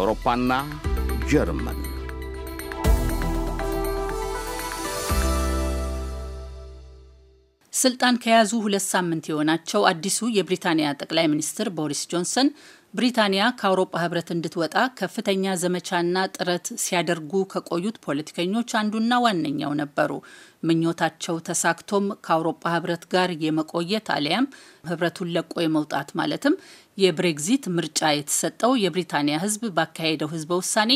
አውሮፓና ጀርመን ስልጣን ከያዙ ሁለት ሳምንት የሆናቸው አዲሱ የብሪታንያ ጠቅላይ ሚኒስትር ቦሪስ ጆንሰን ብሪታንያ ከአውሮፓ ሕብረት እንድትወጣ ከፍተኛ ዘመቻና ጥረት ሲያደርጉ ከቆዩት ፖለቲከኞች አንዱና ዋነኛው ነበሩ። ምኞታቸው ተሳክቶም ከአውሮፓ ሕብረት ጋር የመቆየት አሊያም ሕብረቱን ለቆ የመውጣት ማለትም የብሬግዚት ምርጫ የተሰጠው የብሪታንያ ህዝብ ባካሄደው ህዝበ ውሳኔ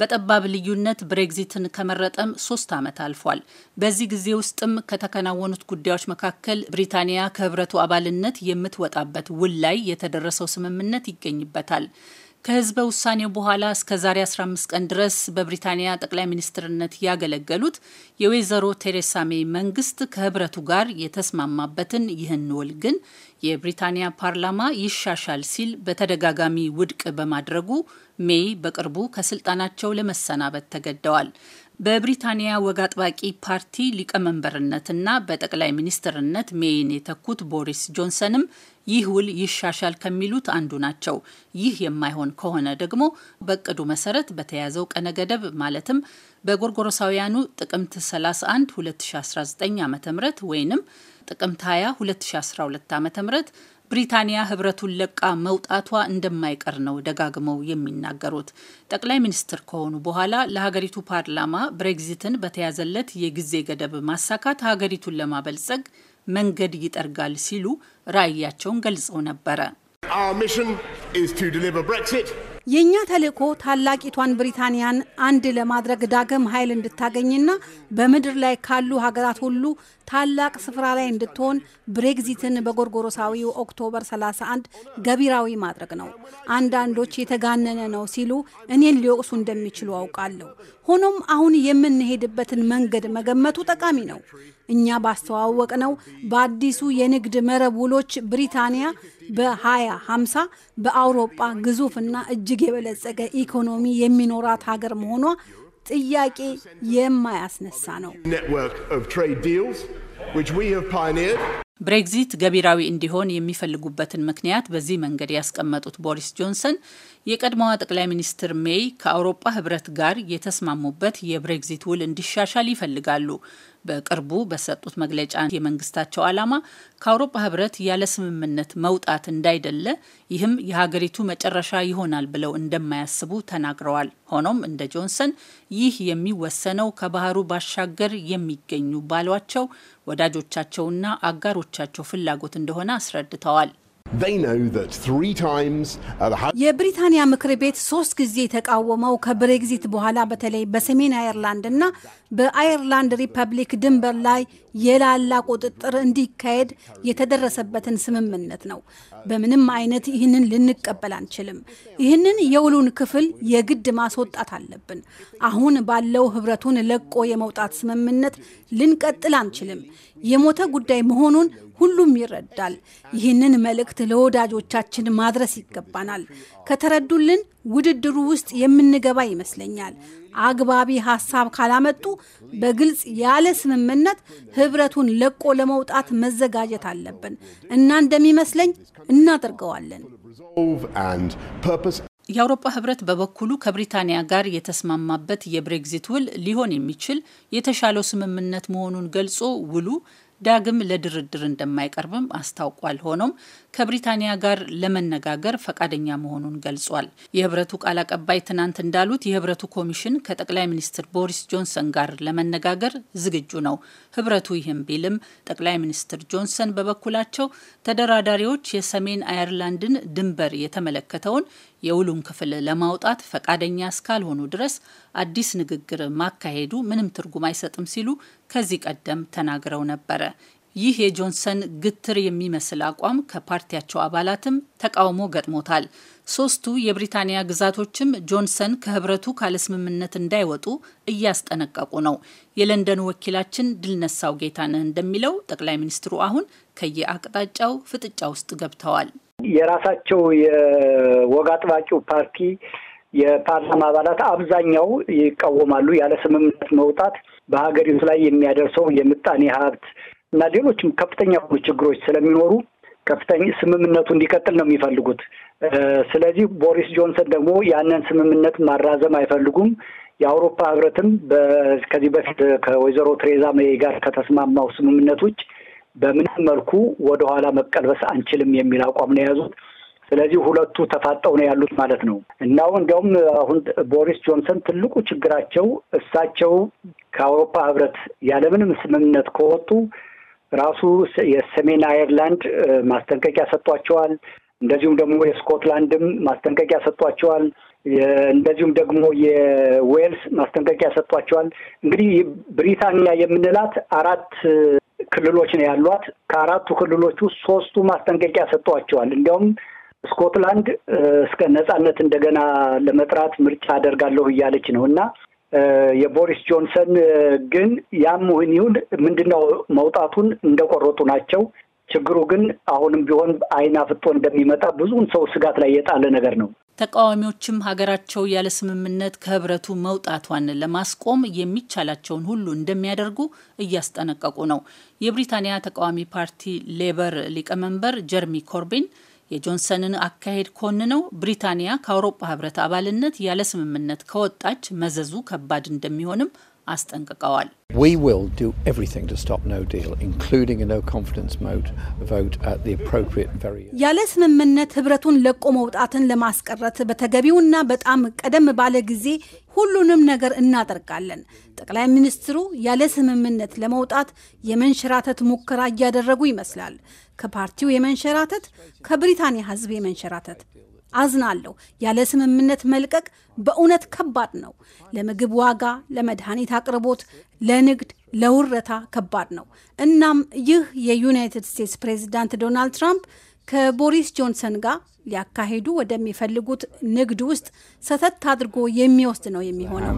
በጠባብ ልዩነት ብሬግዚትን ከመረጠም ሶስት ዓመት አልፏል። በዚህ ጊዜ ውስጥም ከተከናወኑት ጉዳዮች መካከል ብሪታንያ ከህብረቱ አባልነት የምትወጣበት ውል ላይ የተደረሰው ስምምነት ይገኝበታል። ከህዝበ ውሳኔው በኋላ እስከ ዛሬ 15 ቀን ድረስ በብሪታንያ ጠቅላይ ሚኒስትርነት ያገለገሉት የወይዘሮ ቴሬሳ ሜይ መንግስት ከህብረቱ ጋር የተስማማበትን ይህን ውል ግን የብሪታንያ ፓርላማ ይሻሻል ሲል በተደጋጋሚ ውድቅ በማድረጉ ሜይ በቅርቡ ከስልጣናቸው ለመሰናበት ተገደዋል። በብሪታንያ ወግ አጥባቂ ፓርቲ ሊቀመንበርነትና በጠቅላይ ሚኒስትርነት ሜይን የተኩት ቦሪስ ጆንሰንም ይህ ውል ይሻሻል ከሚሉት አንዱ ናቸው። ይህ የማይሆን ከሆነ ደግሞ በእቅዱ መሰረት በተያዘው ቀነ ገደብ ማለትም በጎርጎሮሳውያኑ ጥቅምት 31 2019 ዓ ም ወይንም ጥቅምት 20 2012 ዓ ም ብሪታንያ ህብረቱን ለቃ መውጣቷ እንደማይቀር ነው ደጋግመው የሚናገሩት። ጠቅላይ ሚኒስትር ከሆኑ በኋላ ለሀገሪቱ ፓርላማ ብሬግዚትን በተያዘለት የጊዜ ገደብ ማሳካት ሀገሪቱን ለማበልጸግ መንገድ ይጠርጋል ሲሉ ራዕያቸውን ገልጸው ነበረ። የእኛ ተልእኮ ታላቂቷን ብሪታንያን አንድ ለማድረግ ዳግም ኃይል እንድታገኝና በምድር ላይ ካሉ ሀገራት ሁሉ ታላቅ ስፍራ ላይ እንድትሆን ብሬግዚትን በጎርጎሮሳዊው ኦክቶበር 31 ገቢራዊ ማድረግ ነው። አንዳንዶች የተጋነነ ነው ሲሉ እኔን ሊወቅሱ እንደሚችሉ አውቃለሁ። ሆኖም አሁን የምንሄድበትን መንገድ መገመቱ ጠቃሚ ነው። እኛ ባስተዋወቅ ነው በአዲሱ የንግድ መረብ ውሎች ብሪታንያ በ2050 በአውሮጳ ግዙፍና እጅግ የበለጸገ ኢኮኖሚ የሚኖራት ሀገር መሆኗ ጥያቄ የማያስነሳ ነው። ብሬግዚት ገቢራዊ እንዲሆን የሚፈልጉበትን ምክንያት በዚህ መንገድ ያስቀመጡት ቦሪስ ጆንሰን የቀድሞዋ ጠቅላይ ሚኒስትር ሜይ ከአውሮፓ ህብረት ጋር የተስማሙበት የብሬግዚት ውል እንዲሻሻል ይፈልጋሉ። በቅርቡ በሰጡት መግለጫ የመንግስታቸው ዓላማ ከአውሮፓ ህብረት ያለ ስምምነት መውጣት እንዳይደለ፣ ይህም የሀገሪቱ መጨረሻ ይሆናል ብለው እንደማያስቡ ተናግረዋል። ሆኖም እንደ ጆንሰን ይህ የሚወሰነው ከባህሩ ባሻገር የሚገኙ ባሏቸው ወዳጆቻቸውና አጋሮቻቸው ፍላጎት እንደሆነ አስረድተዋል። የብሪታንያ ምክር ቤት ሶስት ጊዜ የተቃወመው ከብሬግዚት በኋላ በተለይ በሰሜን አየርላንድ እና በአየርላንድ ሪፐብሊክ ድንበር ላይ የላላ ቁጥጥር እንዲካሄድ የተደረሰበትን ስምምነት ነው። በምንም አይነት ይህንን ልንቀበል አንችልም። ይህንን የውሉን ክፍል የግድ ማስወጣት አለብን። አሁን ባለው ህብረቱን ለቆ የመውጣት ስምምነት ልንቀጥል አንችልም። የሞተ ጉዳይ መሆኑን ሁሉም ይረዳል። ይህንን መልእክት ለወዳጆቻችን ማድረስ ይገባናል። ከተረዱልን ውድድሩ ውስጥ የምንገባ ይመስለኛል። አግባቢ ሀሳብ ካላመጡ በግልጽ ያለ ስምምነት ህብረቱን ለቆ ለመውጣት መዘጋጀት አለብን እና እንደሚመስለኝ እናደርገዋለን። የአውሮፓ ህብረት በበኩሉ ከብሪታንያ ጋር የተስማማበት የብሬግዚት ውል ሊሆን የሚችል የተሻለው ስምምነት መሆኑን ገልጾ ውሉ ዳግም ለድርድር እንደማይቀርብም አስታውቋል። ሆኖም ከብሪታንያ ጋር ለመነጋገር ፈቃደኛ መሆኑን ገልጿል። የህብረቱ ቃል አቀባይ ትናንት እንዳሉት የህብረቱ ኮሚሽን ከጠቅላይ ሚኒስትር ቦሪስ ጆንሰን ጋር ለመነጋገር ዝግጁ ነው። ህብረቱ ይህም ቢልም ጠቅላይ ሚኒስትር ጆንሰን በበኩላቸው ተደራዳሪዎች የሰሜን አየርላንድን ድንበር የተመለከተውን የውሉን ክፍል ለማውጣት ፈቃደኛ እስካልሆኑ ድረስ አዲስ ንግግር ማካሄዱ ምንም ትርጉም አይሰጥም ሲሉ ከዚህ ቀደም ተናግረው ነበረ። ይህ የጆንሰን ግትር የሚመስል አቋም ከፓርቲያቸው አባላትም ተቃውሞ ገጥሞታል። ሶስቱ የብሪታንያ ግዛቶችም ጆንሰን ከህብረቱ ካለስምምነት እንዳይወጡ እያስጠነቀቁ ነው። የለንደኑ ወኪላችን ድልነሳው ጌታነህ እንደሚለው ጠቅላይ ሚኒስትሩ አሁን ከየአቅጣጫው ፍጥጫ ውስጥ ገብተዋል። የራሳቸው የወግ አጥባቂው ፓርቲ የፓርላማ አባላት አብዛኛው ይቃወማሉ። ያለ ስምምነት መውጣት በሀገሪቱ ላይ የሚያደርሰው የምጣኔ ሀብት እና ሌሎችም ከፍተኛ የሆኑ ችግሮች ስለሚኖሩ ከፍተኛ ስምምነቱ እንዲቀጥል ነው የሚፈልጉት። ስለዚህ ቦሪስ ጆንሰን ደግሞ ያንን ስምምነት ማራዘም አይፈልጉም። የአውሮፓ ህብረትም ከዚህ በፊት ከወይዘሮ ቴሬዛ ሜይ ጋር ከተስማማው ስምምነት ውጭ በምንም መልኩ ወደኋላ መቀልበስ አንችልም የሚል አቋም ነው የያዙት። ስለዚህ ሁለቱ ተፋጠው ነው ያሉት ማለት ነው እና አሁን እንዲያውም አሁን ቦሪስ ጆንሰን ትልቁ ችግራቸው እሳቸው ከአውሮፓ ህብረት ያለምንም ስምምነት ከወጡ ራሱ የሰሜን አየርላንድ ማስጠንቀቂያ ሰጥቷቸዋል። እንደዚሁም ደግሞ የስኮትላንድም ማስጠንቀቂያ ሰጥቷቸዋል። እንደዚሁም ደግሞ የዌልስ ማስጠንቀቂያ ሰጥቷቸዋል። እንግዲህ ብሪታንያ የምንላት አራት ክልሎች ነው ያሏት። ከአራቱ ክልሎቹ ሶስቱ ማስጠንቀቂያ ሰጥቷቸዋል። እንዲያውም ስኮትላንድ እስከ ነጻነት እንደገና ለመጥራት ምርጫ አደርጋለሁ እያለች ነው እና የቦሪስ ጆንሰን ግን ያም ይሁን ምንድነው መውጣቱን እንደቆረጡ ናቸው። ችግሩ ግን አሁንም ቢሆን አይና ፍጦ እንደሚመጣ ብዙውን ሰው ስጋት ላይ የጣለ ነገር ነው። ተቃዋሚዎችም ሀገራቸው ያለ ስምምነት ከህብረቱ መውጣቷን ለማስቆም የሚቻላቸውን ሁሉ እንደሚያደርጉ እያስጠነቀቁ ነው። የብሪታንያ ተቃዋሚ ፓርቲ ሌበር ሊቀመንበር ጀርሚ ኮርቢን የጆንሰንን አካሄድ ኮንነው ብሪታንያ ከአውሮፓ ህብረት አባልነት ያለ ስምምነት ከወጣች መዘዙ ከባድ እንደሚሆንም አስጠንቅቀዋል። ያለ ስምምነት ህብረቱን ለቆ መውጣትን ለማስቀረት በተገቢውና በጣም ቀደም ባለ ጊዜ ሁሉንም ነገር እናደርጋለን። ጠቅላይ ሚኒስትሩ ያለ ስምምነት ለመውጣት የመንሸራተት ሙከራ እያደረጉ ይመስላል። ከፓርቲው የመንሸራተት፣ ከብሪታንያ ህዝብ የመንሸራተት አዝናለሁ። ያለ ስምምነት መልቀቅ በእውነት ከባድ ነው። ለምግብ ዋጋ፣ ለመድኃኒት አቅርቦት፣ ለንግድ፣ ለውረታ ከባድ ነው። እናም ይህ የዩናይትድ ስቴትስ ፕሬዚዳንት ዶናልድ ትራምፕ ከቦሪስ ጆንሰን ጋር ሊያካሂዱ ወደሚፈልጉት ንግድ ውስጥ ሰተት አድርጎ የሚወስድ ነው የሚሆነው።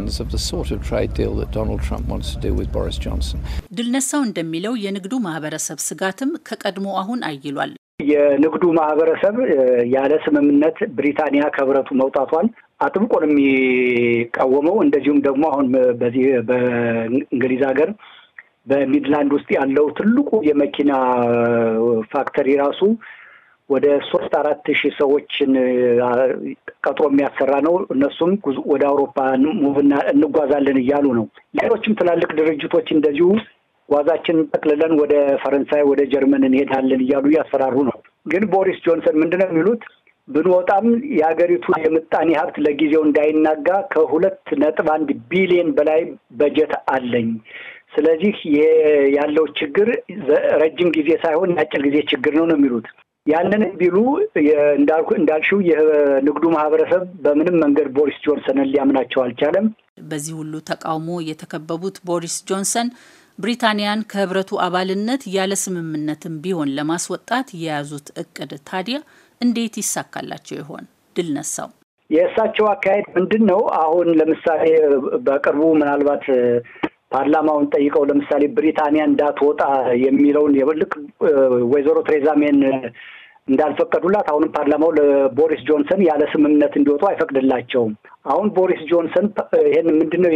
ድል ነሳው እንደሚለው የንግዱ ማህበረሰብ ስጋትም ከቀድሞ አሁን አይሏል። የንግዱ ማህበረሰብ ያለ ስምምነት ብሪታንያ ከህብረቱ መውጣቷን አጥብቆ ነው የሚቃወመው። እንደዚሁም ደግሞ አሁን በዚህ በእንግሊዝ ሀገር በሚድላንድ ውስጥ ያለው ትልቁ የመኪና ፋክተሪ ራሱ ወደ ሶስት አራት ሺህ ሰዎችን ቀጥሮ የሚያሰራ ነው። እነሱም ወደ አውሮፓ ሙቭ እንጓዛለን እያሉ ነው። ሌሎችም ትላልቅ ድርጅቶች እንደዚሁ ዋዛችን ጠቅልለን ወደ ፈረንሳይ፣ ወደ ጀርመን እንሄዳለን እያሉ እያስፈራሩ ነው። ግን ቦሪስ ጆንሰን ምንድን ነው የሚሉት? ብንወጣም የሀገሪቱ የምጣኔ ሀብት ለጊዜው እንዳይናጋ ከሁለት ነጥብ አንድ ቢሊየን በላይ በጀት አለኝ። ስለዚህ ያለው ችግር ረጅም ጊዜ ሳይሆን የአጭር ጊዜ ችግር ነው ነው የሚሉት። ያንን ቢሉ እንዳልሽው የንግዱ ማህበረሰብ በምንም መንገድ ቦሪስ ጆንሰንን ሊያምናቸው አልቻለም። በዚህ ሁሉ ተቃውሞ የተከበቡት ቦሪስ ጆንሰን ብሪታንያን ከህብረቱ አባልነት ያለ ስምምነትም ቢሆን ለማስወጣት የያዙት እቅድ ታዲያ እንዴት ይሳካላቸው ይሆን? ድል ነሳው የእሳቸው አካሄድ ምንድን ነው? አሁን ለምሳሌ በቅርቡ ምናልባት ፓርላማውን ጠይቀው ለምሳሌ ብሪታንያ እንዳትወጣ የሚለውን ልክ ወይዘሮ ቴሬዛ ሜን እንዳልፈቀዱላት አሁንም ፓርላማው ለቦሪስ ጆንሰን ያለ ስምምነት እንዲወጡ አይፈቅድላቸውም። አሁን ቦሪስ ጆንሰን ይህን ምንድነው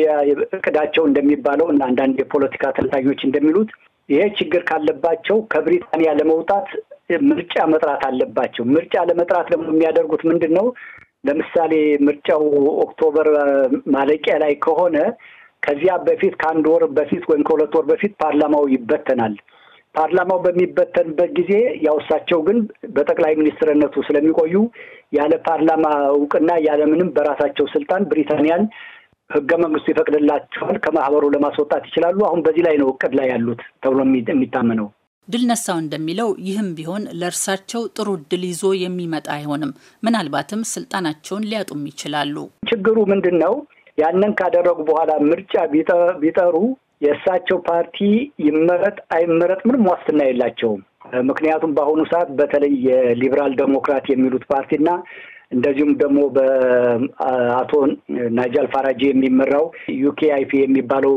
እቅዳቸው እንደሚባለው እና አንዳንድ የፖለቲካ ተንታኞች እንደሚሉት ይሄ ችግር ካለባቸው ከብሪታንያ ለመውጣት ምርጫ መጥራት አለባቸው። ምርጫ ለመጥራት ደግሞ የሚያደርጉት ምንድን ነው? ለምሳሌ ምርጫው ኦክቶበር ማለቂያ ላይ ከሆነ ከዚያ በፊት ከአንድ ወር በፊት ወይም ከሁለት ወር በፊት ፓርላማው ይበተናል። ፓርላማው በሚበተንበት ጊዜ ያው እሳቸው ግን በጠቅላይ ሚኒስትርነቱ ስለሚቆዩ ያለ ፓርላማ እውቅና ያለምንም በራሳቸው ስልጣን ብሪታንያን ህገ መንግስቱ ይፈቅድላቸዋል ከማህበሩ ለማስወጣት ይችላሉ። አሁን በዚህ ላይ ነው እቅድ ላይ ያሉት ተብሎ የሚታመነው። ድል ነሳው እንደሚለው ይህም ቢሆን ለእርሳቸው ጥሩ እድል ይዞ የሚመጣ አይሆንም። ምናልባትም ስልጣናቸውን ሊያጡም ይችላሉ። ችግሩ ምንድን ነው? ያንን ካደረጉ በኋላ ምርጫ ቢጠሩ የእሳቸው ፓርቲ ይመረጥ አይመረጥ ምንም ዋስትና የላቸውም። ምክንያቱም በአሁኑ ሰዓት በተለይ የሊበራል ዴሞክራት የሚሉት ፓርቲና እንደዚሁም ደግሞ በአቶ ናጃል ፋራጂ የሚመራው አይፒ የሚባለው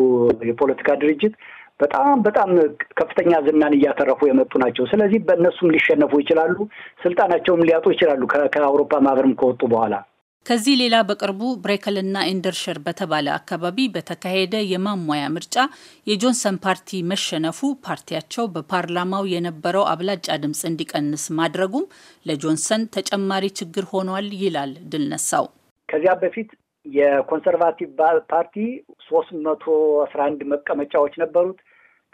የፖለቲካ ድርጅት በጣም በጣም ከፍተኛ ዝናን እያተረፉ የመጡ ናቸው። ስለዚህ በእነሱም ሊሸነፉ ይችላሉ፣ ስልጣናቸውም ሊያጡ ይችላሉ ከአውሮፓ ማህበርም ከወጡ በኋላ ከዚህ ሌላ በቅርቡ ብሬከልና ኢንደርሸር በተባለ አካባቢ በተካሄደ የማሟያ ምርጫ የጆንሰን ፓርቲ መሸነፉ ፓርቲያቸው በፓርላማው የነበረው አብላጫ ድምፅ እንዲቀንስ ማድረጉም ለጆንሰን ተጨማሪ ችግር ሆኗል ይላል ድልነሳው ከዚያ በፊት የኮንሰርቫቲቭ ፓርቲ ሶስት መቶ አስራ አንድ መቀመጫዎች ነበሩት።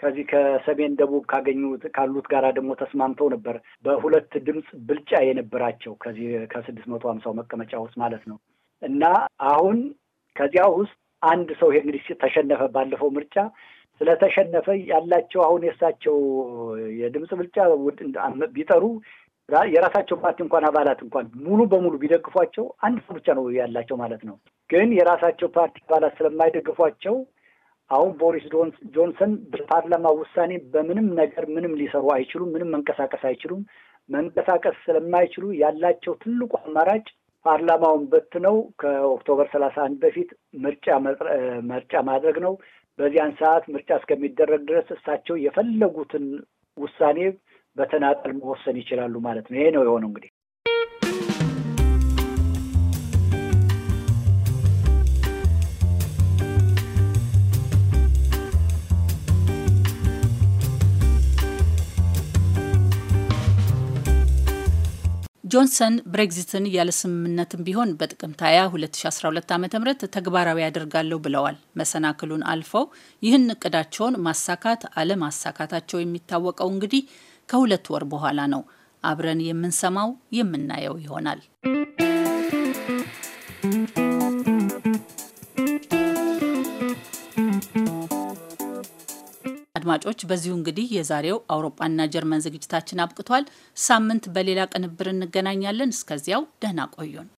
ከዚህ ከሰሜን ደቡብ ካገኙት ካሉት ጋራ ደግሞ ተስማምተው ነበር በሁለት ድምፅ ብልጫ የነበራቸው ከዚህ ከስድስት መቶ ሀምሳው መቀመጫ ውስጥ ማለት ነው እና አሁን ከዚያ ውስጥ አንድ ሰው ይሄ እንግዲህ ተሸነፈ ባለፈው ምርጫ ስለተሸነፈ ያላቸው አሁን የእሳቸው የድምፅ ብልጫ ቢጠሩ የራሳቸው ፓርቲ እንኳን አባላት እንኳን ሙሉ በሙሉ ቢደግፏቸው አንድ ሰው ብቻ ነው ያላቸው ማለት ነው። ግን የራሳቸው ፓርቲ አባላት ስለማይደግፏቸው አሁን ቦሪስ ጆንሰን በፓርላማ ውሳኔ በምንም ነገር ምንም ሊሰሩ አይችሉም። ምንም መንቀሳቀስ አይችሉም። መንቀሳቀስ ስለማይችሉ ያላቸው ትልቁ አማራጭ ፓርላማውን በትነው ከኦክቶበር ሰላሳ አንድ በፊት ምርጫ መርጫ ማድረግ ነው። በዚያን ሰዓት ምርጫ እስከሚደረግ ድረስ እሳቸው የፈለጉትን ውሳኔ በተናጠል መወሰን ይችላሉ ማለት ነው። ይሄ ነው የሆነው እንግዲህ ጆንሰን ብሬግዚትን ያለ ስምምነትም ቢሆን በጥቅምት 20 2012 ዓ ም ተግባራዊ ያደርጋለሁ ብለዋል። መሰናክሉን አልፈው ይህን እቅዳቸውን ማሳካት አለማሳካታቸው የሚታወቀው እንግዲህ ከሁለት ወር በኋላ ነው። አብረን የምንሰማው የምናየው ይሆናል። አድማጮች፣ በዚሁ እንግዲህ የዛሬው አውሮፓና ጀርመን ዝግጅታችን አብቅቷል። ሳምንት በሌላ ቅንብር እንገናኛለን። እስከዚያው ደህና ቆዩን።